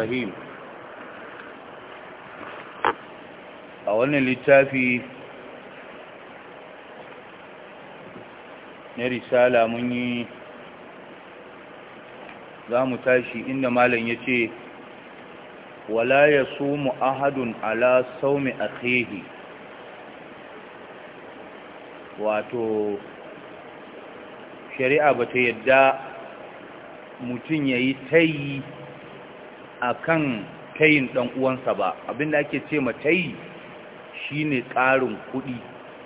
الرحيم أولا للتافي رسالة مني za mu tashi inda malam ya ce wala ya sumu ahadun ala saumi akhihi wato shari'a bata ta yadda mutum ya yi tayi akan tayin ɗan uwansa ba abinda ake ce ma tayi ne ƙarin kuɗi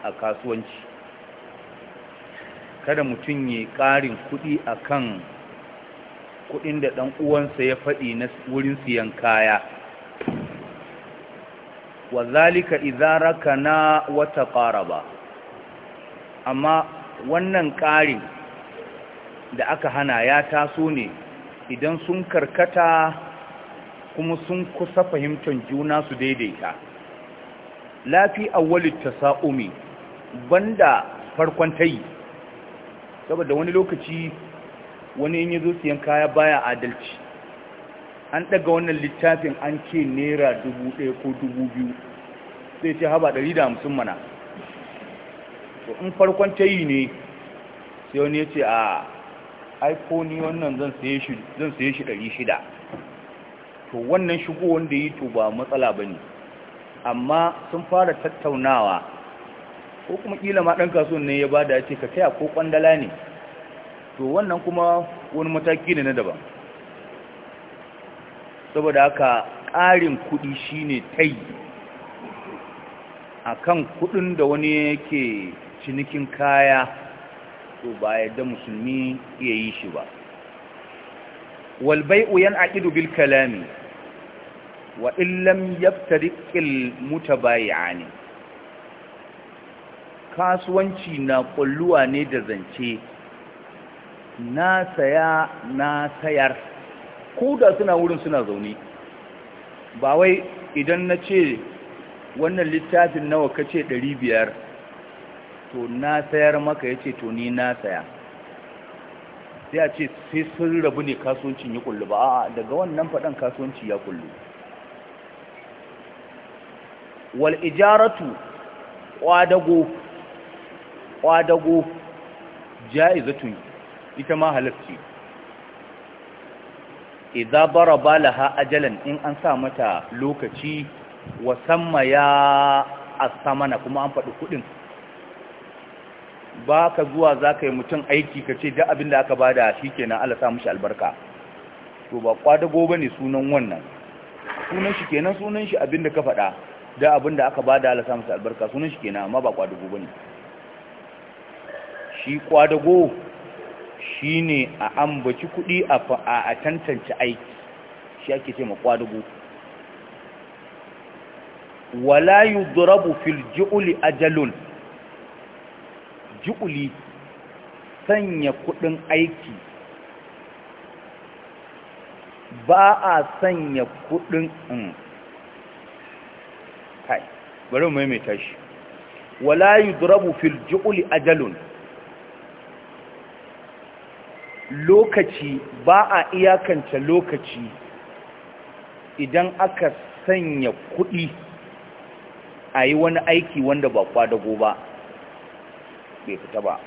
a kasuwanci kada mutum ya ƙarin kuɗi a kan kuɗin da ɗan'uwansa ya faɗi na wurin siyan kaya wa zalika ka na wata ba, amma wannan ƙarin da aka hana ya taso ne idan sun karkata kuma sun kusa fahimtar juna su daidaita lafi awwalit tasa'umi banda farkon yi, saboda wani lokaci wani in yazo siyan kaya baya adalci an daga wannan littafin an ce naira 1000 ko 2000 sai ce haba 150 mana to in farkon tayi ne sai wani ya ce a iphone wannan zan saye shi zan saye shi to wannan shigo wanda yi to ba matsala ba ne amma sun fara tattaunawa ko kuma kila ma ɗan kasuwan ne ya da ce ka kaya ko ƙwandala ne to wannan kuma wani mataki ne na daban saboda haka ƙarin kuɗi shi shine tai a kan kuɗin da wani yake cinikin kaya to ba yadda musulmi iya yi shi ba walbai'u yan aƙidu bil kalami wa illam yaftariqil mutabayi'ani kasuwanci na kulluwa ne da zance na saya na sayar ko da suna wurin suna zaune ba wai idan na ce wannan littafin nawa kace 500 to na sayar maka yace to ni na saya sai a ce sai sun rabu ne kasuwancin ya kullu ba a daga wannan faɗan kasuwanci ya kullu wal ijaratu kwadago kwadago jaizatun ita ma halarci idza baraba laha ajalan in an sa mata lokaci wa samma ya asmana kuma an faɗi kuɗin baka zuwa za mutum aiki ka ce abin da aka bada shi kenan Allah sa mishi albarka to ba kwadago bane sunan wannan sunan shi kenan sunan shi abin da ka faɗa da abinda aka ba da alasa masa albarka sunan shi kenan amma ba kwadago ba ne shi kwadago shi ne a ambaci kuɗi a tantance aiki shi ake ce ma kwadago wala yudrabu fil ju'li ajalun ju'li sanya kuɗin aiki ba a sanya kuɗin. Hmm, bari mu maimaita shi wala yudrabu fil ju'li ajalun lokaci ba a iyakance lokaci idan aka sanya kuɗi a yi wani aiki wanda ba kwadago ba bai fita ba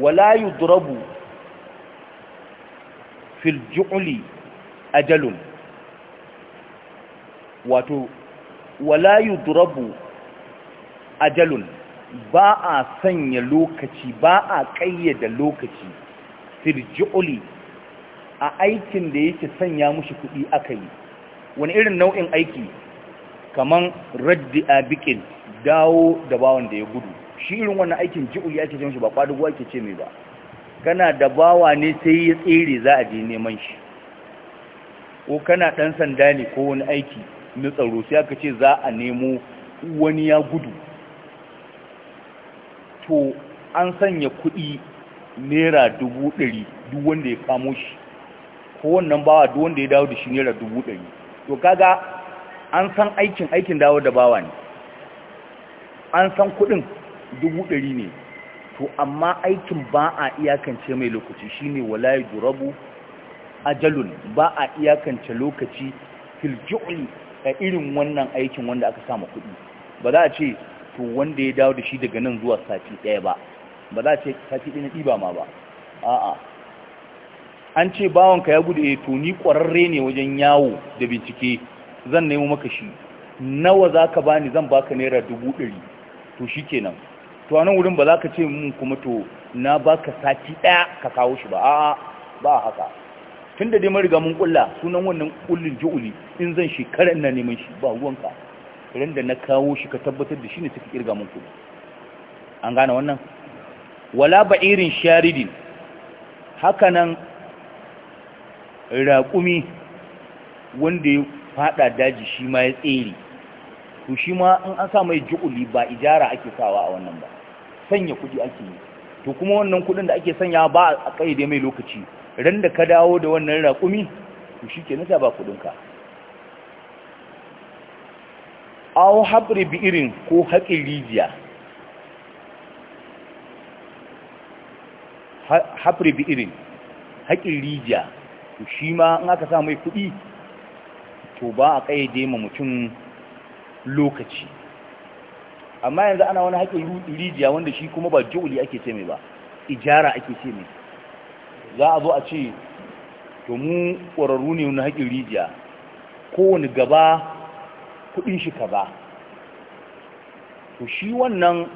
wala yudrabu fil ju'li ajalun wato wala yudrabu ajalun ba a sanya lokaci ba a kayyada lokaci firji'uli a aikin da yake sanya mushi kuɗi aka yi wani irin nau'in aiki kaman raddi a bikin dawo da bawan da ya gudu shi irin wannan aikin ji'uli ake ce shi ba kwadugo ake ce mai ba kana da bawa ne sai ya tsere za a je neman shi ko kana ɗan sanda ne ko wani aiki na tsaro sai aka ce za a nemo wani ya gudu to an sanya kuɗi naira dubu ɗari duk wanda ya kamo shi ko wannan bawa duk wanda ya dawo da shi naira dubu ɗari to kaga an san aikin aikin dawo da bawa ne an san kuɗin dubu ɗari ne to amma aikin ba a iyakance mai lokaci shi shine walayi durabu ajalun ba a iyakance lokaci filji'ul a irin wannan aikin wanda aka samu kuɗi ba za a ce to wanda ya dawo da shi daga nan zuwa sati ɗaya ba ba za a ce sati ɗaya na ɗiba ma ba a'a an ce bawanka ya gudu eh, to ni ƙwararre ne wajen yawo da bincike zan nemo maka shi nawa za ka bani zan baka naira dubu ɗari to shi kenan to a nan wurin ba za ka ce mun kuma to na baka sati ɗaya ka kawo shi ba a'a ba haka tun da dai mariga mun kulla sunan wannan kullin ju'uli in zan shekara na neman shi ba ruwanka ran da na kawo shi ka tabbatar da shi ne suka kirga mun kuɗi an gane wannan wala ba irin sharidin haka nan raƙumi wanda ya fada daji shi ma ya tsere to shi ma in an sa mai ju'uli ba ijara ake sawa a wannan ba sanya kuɗi ake yi to kuma wannan kuɗin da ake sanya ba a ƙayyade mai lokaci ran da ka dawo da wannan raƙumi to shi ke nasa ba kudinka awo bi bi'irin ko haƙin rijiya bi bi'irin haƙin rijiya to shi ma in aka sa mai kuɗi to ba a ƙayyade ma mutum lokaci amma yanzu ana wani haƙin rijiya wanda shi kuma ba ji'uli ake ce mai ba ijara ake ce mai za a zo a ce to mu ƙwararru ne na haƙin rijiya kowane gaba kuɗin shi ka ba, to shi wannan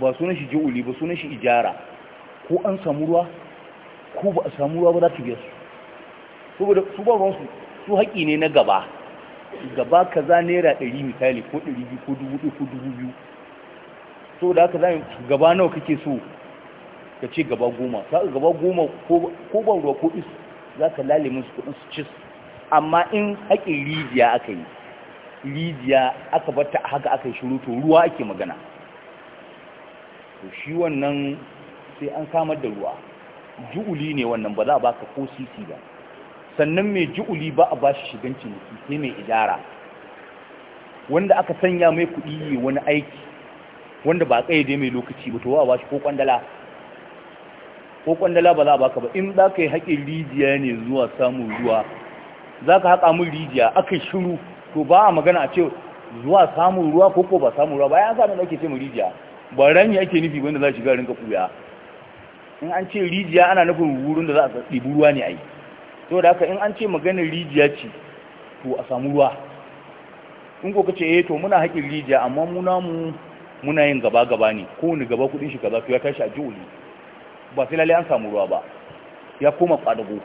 ba sunan shi ji'uli ba sunan shi ijara ko an samu ruwa ko ba a samu ruwa ba za ta biya su su ba ruwan su haƙi ne na gaba gaba kaza naira ɗari misali ko ɗari biyu ko dubu biyu ko dubu biyu da haka za gaba nawa kake so ka ce gaba goma ka gaba goma ko ban ruwa ko isu za ka lalle musu kudin su ci amma in haƙin rijiya aka yi rijiya aka bata haka aka yi shiru to ruwa ake magana to shi wannan sai an samar da ruwa ju'uli ne wannan ba za a baka ko sisi ba sannan mai ju'uli ba a ba shi shigan ciniki sai mai idara wanda aka sanya mai kuɗi wani aiki wanda ba a ƙayyade mai lokaci ba to ba a ba shi ko kwandala ko kwandala ba za a baka ba in za ka yi haƙin rijiya ne zuwa samun ruwa za ka haƙa mun rijiya aka shiru to ba a magana a ce zuwa samun ruwa ko ko ba samun ruwa ya zaɓin da ake ce mun rijiya ba rami ake nufi wanda za shiga rinka kuya in an ce rijiya ana nufin wurin da za a ɗibi ruwa ne a yi to da haka in an ce maganar rijiya ce to a samu ruwa in ko kace eh to muna haƙin rijiya amma muna mu muna yin gaba gaba ne kowane gaba kuɗin shi kaza to ya tashi a ji'uli ba sai lalle an samu ruwa ba ya koma kwadugo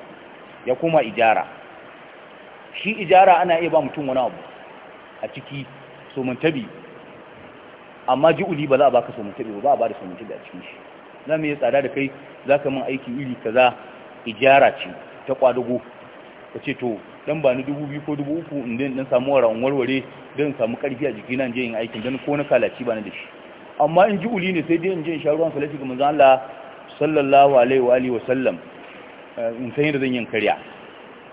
ya koma ijara shi ijara ana iya ba mutum wani abu a ciki somantabi amma ji'uli ba za a baka somantabi ba ba a ba da somantabi a cikin shi za mu yi tsada da kai za ka min aiki iri kaza ijara ce ta kwadugo ka ce to dan ba ni dubu biyu ko dubu uku in dan samu warawan warware dan samu karfi a jiki, nan je yin aikin dan ko na kalaci ba ni da shi amma in ji uli ne sai dai in je in sha ruwan salati ga manzo Allah sallallahu alaihi wa alihi eh, in san yadda zan yin karya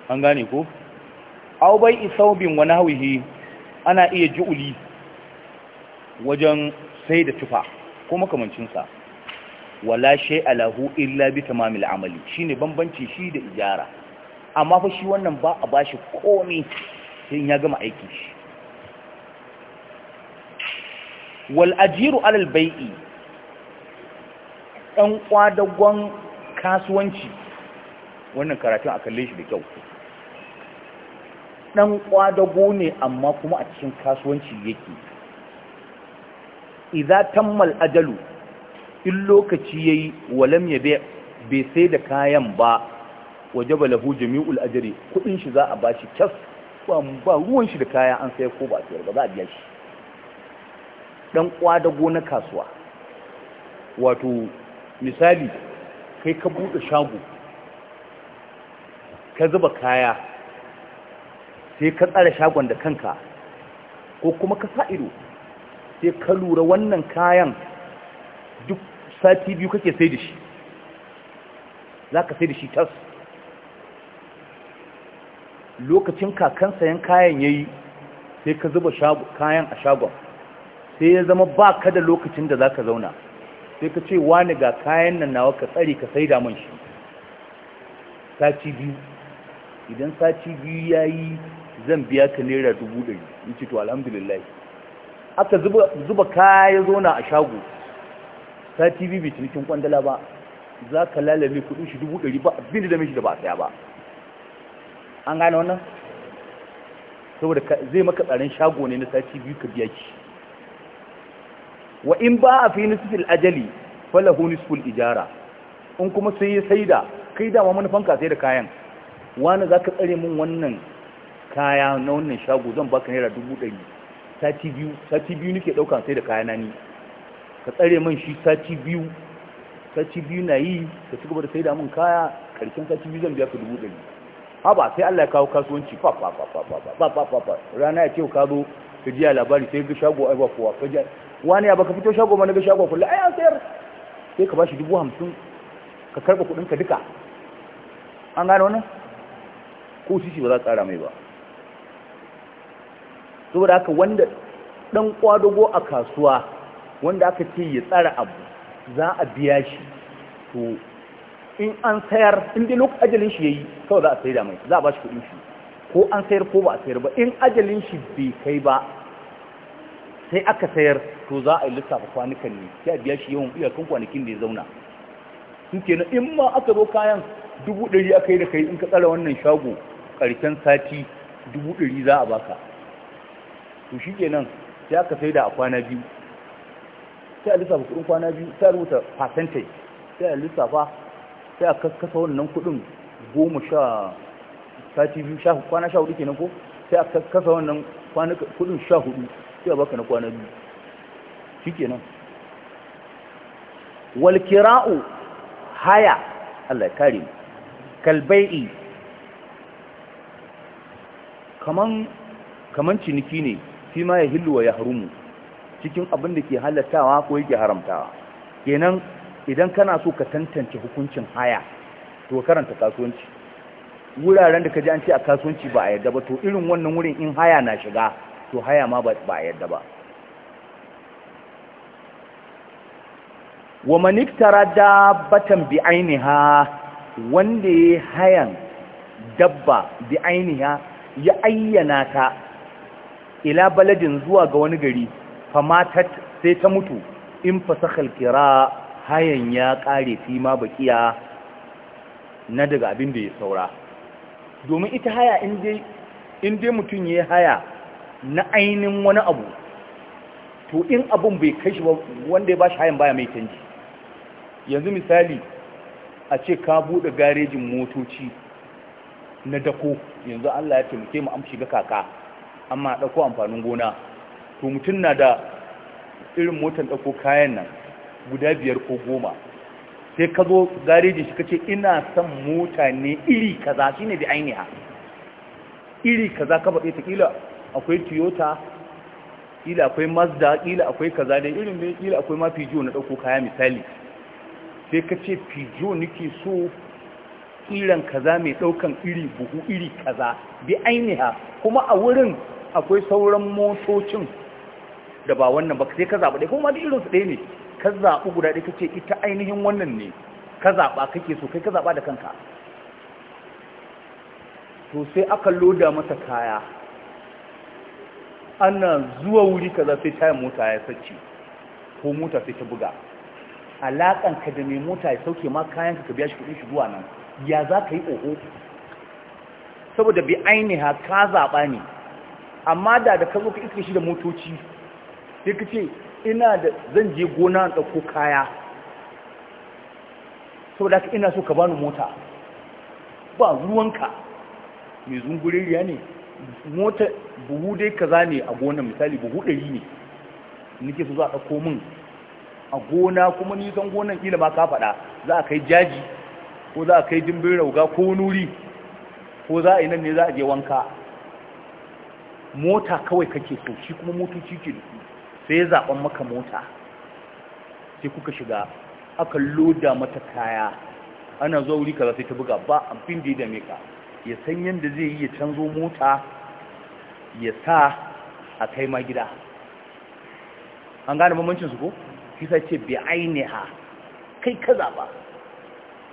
an gane ko aw bai isaubin wa nahwihi ana iya ju'uli wajen sai da tufa ko makamancin sa wala shay alahu illa bi tamamil amali shine bambanci shi da ijara amma fa shi wannan ba a bashi komai sai ya gama aiki shi wal ajiru alal bai'i ɗan ƙwadagon kasuwanci wannan karatun a kalle shi da kyau ɗan ƙwadago ne amma kuma a cikin kasuwanci yake Iza tammal ajalu in lokaci yayi walam yabe bai sai da kayan ba wajaba lahu jami'ul ajri kudin shi za a bashi tas ba ruwan shi da kaya an sai ko ba sayar ba za a biya shi Ɗan kwadago na kasuwa wato misali kai ka buɗe shago ka zuba kaya sai ka tsara shagon da kanka ko kuma ka sa ido sai ka lura wannan kayan duk sati biyu kake sai da shi za ka sai da shi tas lokacin kakan sayan kayan ya yi sai ka zuba kayan a shagon sai ya zama ba ka da lokacin da za ka zauna sai ka ce wani ga kayan nan nawa ka tsare ka sai da man shi sati biyu idan sati biyu ya yi zan biya ka naira dubu ɗari in ce to alhamdulillah aka zuba kaya zona a shago sati biyu bai cinikin kwandala ba za ka lalabe kudin shi dubu ɗari ba abin da mishi da ba saya ba an gane wannan saboda zai maka tsarin shago ne na sati biyu ka biya shi wa in ba a fi nisfil ajali falahu nisful ijara in kuma sai ya saida kai dama manufanka sai da kayan wani za ka tsare min wannan kaya na wannan shago zan baka naira dubu ɗari sati biyu sati biyu nake ɗauka sai da kayana ni ka tsare min shi sati biyu sati biyu na yi ka ci gaba da sai da min kaya ƙarshen sati biyu zan biya ka dubu ɗari haba sai Allah ya kawo kasuwanci fa rana ya ce ka zo ka ji labari sai ga shago ai ba kowa ka ji wani ya baka fito shago ma na ga shago kullu ai an sayar sai ka bashi dubu hamsin ka karba kuɗin ka duka an gano wannan ko shi ba za ka ƙara mai ba saboda haka wanda dan kwadogo a kasuwa wanda aka ce ya tsara abu za a biya shi to in an sayar in dai lokacin ajalin shi yayi kawai za a sai da mai za a bashi kuɗin shi ko an sayar ko ba a sayar ba in ajalin shi bai kai ba sai aka sayar to za a yi lissafa kwanukan ne sai a biya shi yawan iyakan kwanakin da ya zauna su na in ma aka zo kayan dubu ɗari aka yi da kai in ka tsara wannan shago ƙarshen sati dubu ɗari za a baka to shi kenan sai aka sai da a kwana biyu sai a lissafa kuɗin kwana biyu sai a rubuta percentage sai a lissafa sai a kaskasa wannan kuɗin goma sha sati biyu sha kwana sha hudu kenan ko sai a kasa wannan kwana kudin sha hudu sai a baka na kwana biyu shi kenan walkira'u haya Allah ya kare kalbai'i kaman kaman ciniki ne fi ma ya hillu wa ya harumu cikin abin da ke halattawa ko yake haramtawa kenan idan kana so ka tantance hukuncin haya to karanta kasuwanci wuraren da ka ji an ce a kasuwanci ba a yadda ba to irin wannan wurin in haya na shiga to haya ma ba a yadda ba wa maniktara dabbatan bi ainiha wanda ya hayan dabba bi ainiha ya ayyana ta ila baladin zuwa ga wani gari famatat sai ta mutu in fasakhal kira hayan ya kare fi ma bakiya na daga abin da ya saura domin ita haya in dai mutum ya haya na ainihin wani abu to in abun bai kai shi ba wanda ya ba shi hayan baya mai canji yanzu misali a ce ka buɗe garejin motoci na dako yanzu allah ya taimake mu amshi ga kaka amma ɗauko amfanin gona to mutum na da irin motar ɗauko kayan nan guda biyar ko goma sai ka zo garejin shi kace ina son mota ne iri kaza shine bi ainiha iri kaza ka bade ta kila akwai Toyota kila akwai Mazda kila akwai kaza dai irin ne kila akwai ma pijo na dauko kaya misali sai ka ce nake so kiran kaza mai daukan iri buhu iri kaza bi ainiha kuma a wurin akwai sauran motocin da ba wannan ba sai ka zaɓa dai kuma da irinsu ɗaya ne ka zaɓi guda ɗaya kake ita ainihin wannan ne ka zaɓa kake so kai ka zaɓa da kanka to sai aka loda masa kaya ana zuwa wuri kaza sai tayin mota ya sace ko mota sai ta buga alaƙanka da mai mota ya sauke ma kayan ka biya shi kudin shi zuwa nan ya za ka yi oho saboda bi ainiha ka zaɓa ne amma da da ka zo ka iske shi da motoci sai ka ce ina da zan je gona da ku kaya saboda haka ina so ka bani mota ba ruwanka mai zunguriya ne mota buhu dai kaza ne a gona misali buhu ɗari ne nake so za a ko min a gona kuma nisan gonan kila ma ka faɗa za a kai jaji ko za a kai dimbin rauga ko nuri ko za a yi ne za a je wanka mota kawai kake so shi kuma motoci ke da su sai ya zaɓen maka mota sai kuka shiga aka loda mata kaya ana zuwa wuri kaza sai ta buga ba amfin da ya dame ka ya san yadda zai yi ya canzo mota ya sa a kai ma gida an gane mamancin su ko kisa ce bi ainiha kai ka zaɓa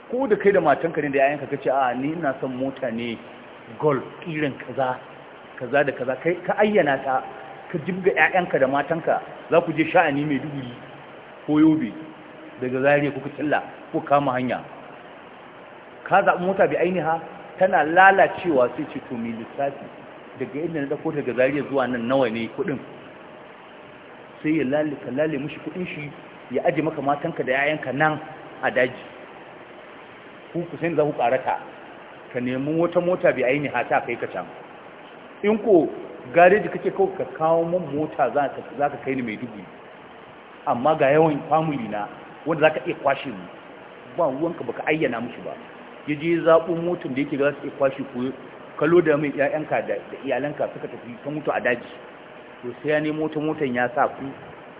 ko da kai da matanka ne da yayanka ka ce a ni ina son mota ne golf irin kaza kaza da kaza kai ka ayyana ta ka jibga 'ya'yanka da matanka za ku je sha'ani mai duburi ko yobe daga zariya kuka cilla ko kama hanya ka zaɓi mota bi ainiha tana lalacewa sai ce to mai lissafi daga inda na dako daga zariya zuwa nan nawa ne kuɗin sai ya lalika lalai mushi kuɗin shi ya ajiye maka matanka da 'ya'yanka nan a daji ku kusan za ku ƙarata ka nemi wata mota bi ainiha ta kai ka can in ko gareji kake kawo ka kawo mun mota za ka kai ni mai dubu amma ga yawan family na wanda za ka iya kwashe mu ba ruwanka baka ayyana mushi ba ya je zaɓo motar da yake za su iya kwashe ko kalo da mai ƴaƴanka da iyalanka suka tafi ta mutu a daji to sai ya nemo ta motan ya sa ku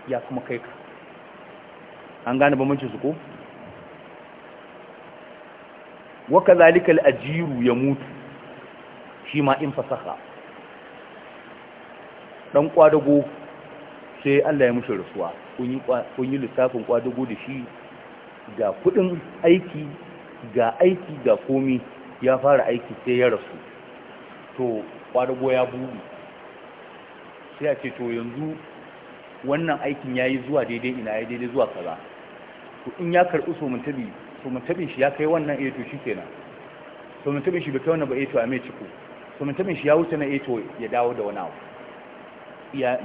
ya kuma kai ka an gane bambancin su ko wa kadhalika al-ajiru shi ma in fasaha Ɗan ƙwadago sai Allah ya mushi rasuwa kun yi lissafin ƙwadago da shi ga kudin aiki ga aiki ga komi ya fara aiki sai ya rasu to ƙwadago ya buɗe sai a ce to yanzu wannan aikin ya yi zuwa daidai ina ya daidai zuwa kaza to in ya karɓi somantabi somantabin shi ya kai wannan a eh to shi kenan somantabin shi bai kai wannan ba Eto eh to a mai ciko somantabin shi ya wuce na Eto eh ya dawo da wani abu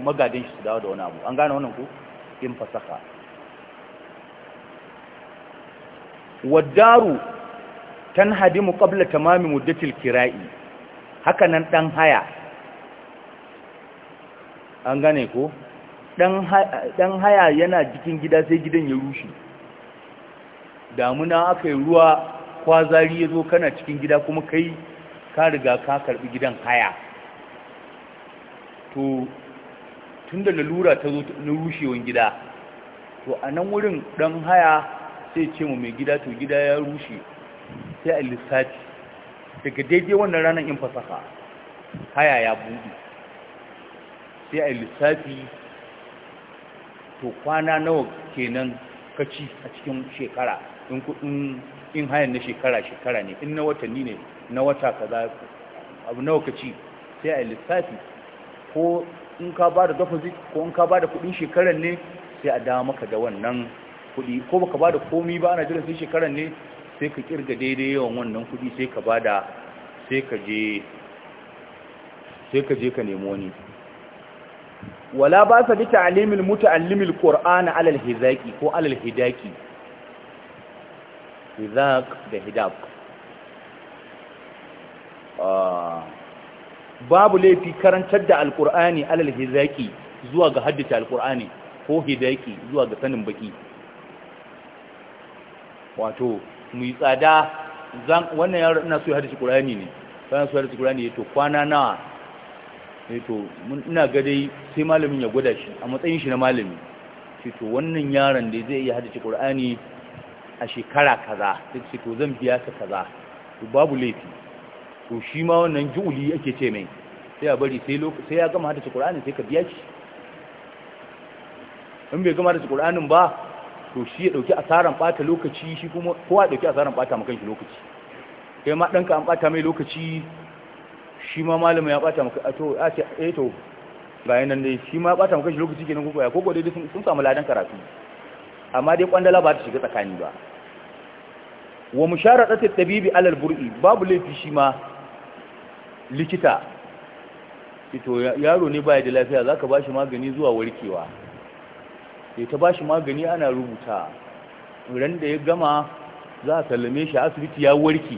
magadin shi su dawo da wani abu an gane wannan ku in fasaka wadaru tanhadimu qabla tamami muddatil kira'i haka nan dan haya an gane ko dan haya yana jikin gida sai gidan ya rushe damuna aka yi ruwa kwazari ya zo kana cikin gida kuma kai ka riga ka karbi gidan haya to tun da lalura ta zo na rushewan gida to a nan wurin ɗan haya sai ce mu mai gida to gida ya rushe sai a lissafi daga daidai wannan ranar in fasaha haya ya buɗe sai a lissafi to kwana nawa kenan kaci a cikin shekara in kudin in hayan na shekara-shekara ne in na watanni ne na wata ka kaza abu nawa kaci sai a lissafi ko in ka ba da deposit ko in ka ba da kudin shekaran ne sai a dawo maka da wannan kudi ko baka ba da komi ba ana jira sai shekaran ne sai ka kirga daidai yawan wannan kudi sai ka ba da sai ka je sai ka je ka nemo wani wala ba sa bi ta'limil muta'allimil qur'ana alal hizaqi ko alal hidaki hizaq da hidab ah babu laifi karantar da alkur'ani alal hizaki zuwa ga haddace alkur'ani ko hizaki zuwa ga sanin baki wato mu yi tsada wannan yaro ina so ya haddace qur'ani ne bayan so ya haddace qur'ani to kwana nawa to ina ga dai sai malamin ya gwada shi a matsayin shi na malami ce to wannan yaron da zai iya haddace qur'ani a shekara kaza sai to zan biya ka kaza to babu laifi to shi ma wannan ju'uli yake ce mai sai a bari sai sai ya gama hadace Qur'ani sai ka biya shi in bai gama hadace Qur'anin ba to shi ya dauki asaran bata lokaci shi kuma kowa dauki asaran bata maka shi lokaci kai ma danka an bata mai lokaci shi ma malama ya bata maka to a ce eh to ga yanan dai shi ma ya bata maka shi lokaci kenan ko ya koko dai sun samu ladan karatu amma dai kwandala ba ta shiga tsakani ba wa musharadatu tabibi alal bur'i babu laifi shi ma likita ito yaro ne baya da lafiya za ka ba shi magani zuwa warkewa ya ta ba shi magani ana rubuta ran da ya gama za a sallame shi asibiti ya warke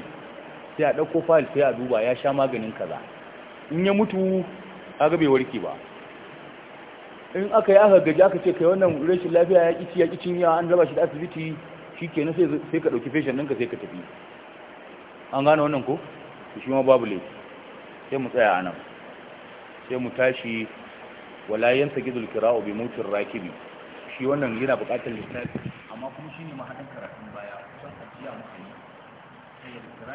sai a ɗauko fayil sai a duba ya sha maganin kaza in ya mutu a bai warke ba in aka yi aka gaji aka ce kai wannan rashin lafiya ya ƙici ya ƙicin yawa an raba shi da asibiti shi kenan sai ka ɗauki feshin ɗinka sai ka tafi an gane wannan ko shi ma babu laifi sai mu tsaya nan, sai mu tashi wa yansa gidul kira obi mutin rakibi shi wannan yana buƙatar littafi amma kuma shine mahadin karatun baya kusan ajiya yi